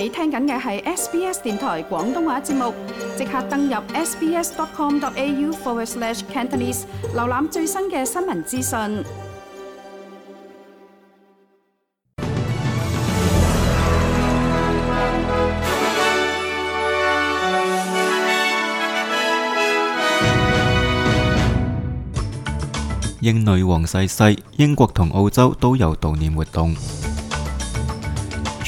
你聽緊嘅係 SBS 電台廣東話節目，即刻登入 sbs.com.au/cantonese 瀏覽最新嘅新聞資訊。英女王逝世，世，英國同澳洲都有悼念活動。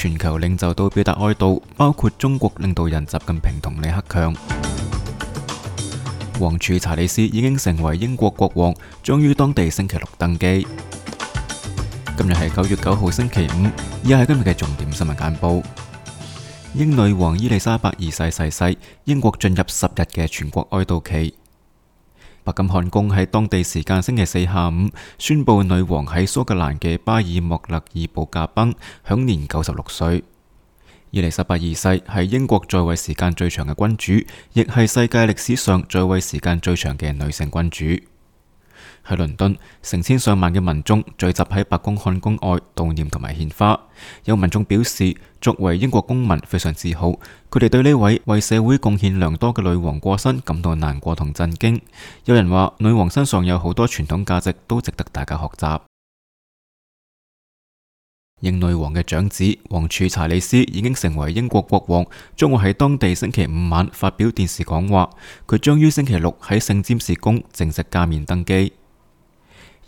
全球領袖都表達哀悼，包括中國領導人習近平同李克強。王儲查理斯已經成為英國國王，將於當地星期六登基。今日係九月九號星期五，亦係今日嘅重點新聞簡報。英女王伊麗莎白二世逝世，英國進入十日嘅全國哀悼期。白金漢宮喺當地時間星期四下午宣布，女王喺蘇格蘭嘅巴爾莫勒爾堡駕崩，享年九十六歲。伊麗莎白二世係英國在位時間最長嘅君主，亦係世界歷史上在位時間最長嘅女性君主。喺倫敦，成千上萬嘅民眾聚集喺白金漢宮外悼念同埋獻花。有民眾表示，作為英國公民非常自豪，佢哋對呢位為社會貢獻良多嘅女王過身感到難過同震驚。有人話，女王身上有好多傳統價值都值得大家學習。英女王嘅長子王儲查理斯已經成為英國國王，將會喺當地星期五晚發表電視講話。佢將於星期六喺聖詹姆斯宮正式加冕登基。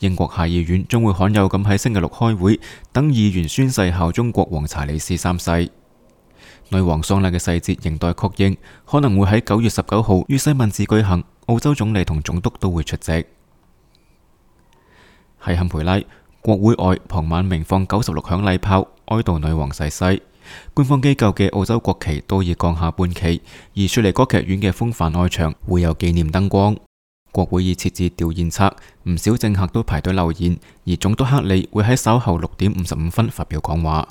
英國下議院將會罕有咁喺星期六開會，等議員宣誓效忠國王查理斯三世。女王喪禮嘅細節仍待確認，可能會喺九月十九號於西敏寺舉行。澳洲總理同總督都會出席。喺堪培拉，國會外傍晚鳴放九十六響禮炮哀悼女王逝世，世。官方機構嘅澳洲國旗都已降下半旗，而雪梨歌劇院嘅風帆外牆會有紀念燈光。國會已設置吊唁冊，唔少政客都排隊留言。而總督克里會喺稍後六點五十五分發表講話。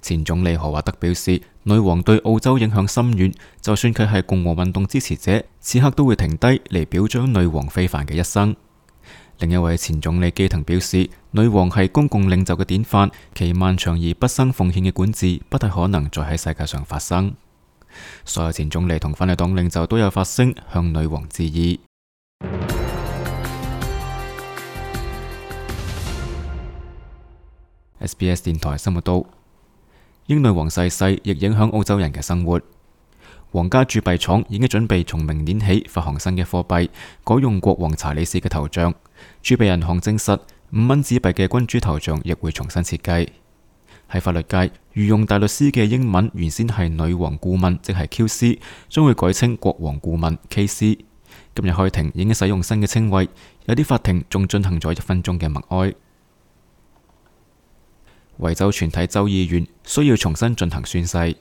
前總理何華德表示，女王對澳洲影響深遠，就算佢係共和運動支持者，此刻都會停低嚟，表彰女王非凡嘅一生。另一位前總理基騰表示，女王係公共領袖嘅典範，其漫長而不生奉獻嘅管治，不太可能再喺世界上發生。所有前總理同反對黨領袖都有發聲向女王致意。SBS 電台《生活刀》英女王逝世亦影響澳洲人嘅生活。皇家鑄幣廠已經準備從明年起發行新嘅貨幣，改用國王查理斯嘅頭像。儲備銀行證實，五蚊紙幣嘅君主頭像亦會重新設計。喺法律界，御用大律師嘅英文原先係女王顧問，即係 Q.C.，將會改稱國王顧問 K.C. 今日開庭已經使用新嘅稱謂，有啲法庭仲進行咗一分鐘嘅默哀。維州全體州議員需要重新進行宣誓。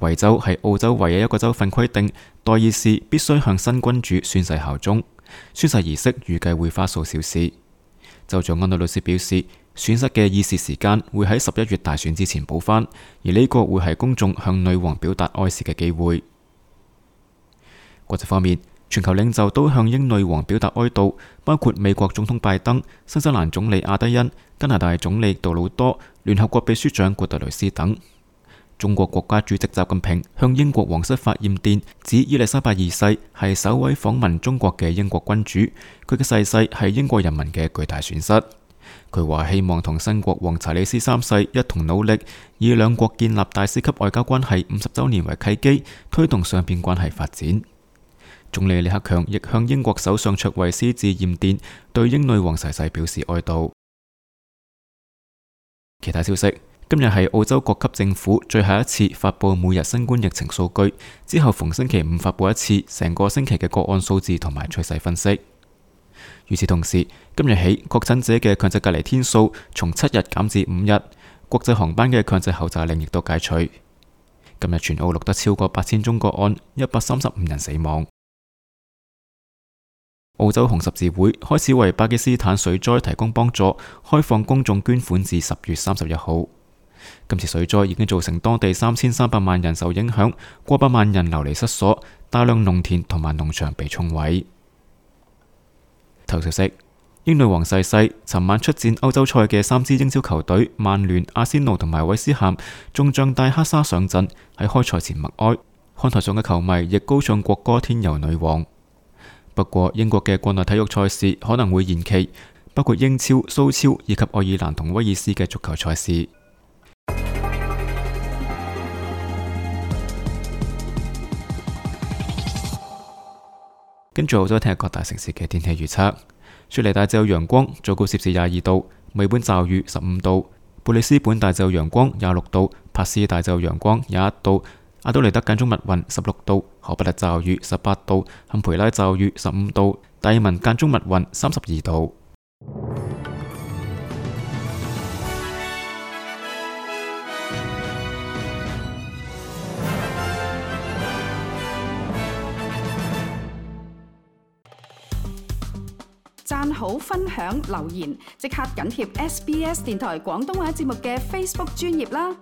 維州係澳洲唯一一個州份規定代議士必須向新君主宣誓效忠。宣誓儀式預計會花數小時。就在安諾律師表示，損失嘅議事時間會喺十一月大選之前補翻，而呢個會係公眾向女王表達哀思嘅機會。國際方面。全球領袖都向英女王表達哀悼，包括美國總統拜登、新西蘭總理阿德恩、加拿大總理杜魯多、聯合國秘書長古特雷斯等。中國國家主席習近平向英國皇室發唁電，指伊麗莎白二世係首位訪問中國嘅英國君主，佢嘅逝世係英國人民嘅巨大損失。佢話希望同新國王查理斯三世一同努力，以兩國建立大使級外交關係五十周年為契機，推動雙邊關係發展。總理李克強亦向英國首相卓慧思致唁電，對英女王逝世，世表示哀悼。其他消息，今日係澳洲各級政府最後一次發布每日新冠疫情數據之後，逢星期五發布一次成個星期嘅個案數字同埋趨勢分析。與此同時，今日起確診者嘅強制隔離天數從七日減至五日，國際航班嘅強制口罩令亦都解除。今日全澳錄得超過八千宗個案，一百三十五人死亡。澳洲紅十字會開始為巴基斯坦水災提供幫助，開放公眾捐款至十月三十一號。今次水災已經造成當地三千三百萬人受影響，過百萬人流離失所，大量農田同埋農場被沖毀。頭條消息，英女王逝世，世，尋晚出戰歐洲賽嘅三支英超球隊曼聯、阿仙奴同埋韋斯咸，眾將戴黑紗上陣，喺開賽前默哀。看台上嘅球迷亦高唱國歌《天佑女王》。不過英國嘅國內體育賽事可能會延期，包括英超、蘇超以及愛爾蘭同威爾斯嘅足球賽事。跟住好咗聽下各大城市嘅天氣預測，雪梨大晝有陽光，最高攝氏廿二度；美本驟雨，十五度；布里斯本大晝有陽光，廿六度；帕斯大晝陽光廿一度。阿德雷德間中密雲十六度，荷伯特驟雨十八度，坎培拉驟雨十五度，達爾文間中密雲三十二度。讚好，分享，留言，即刻緊貼 SBS 電台廣東話節目嘅 Facebook 專頁啦！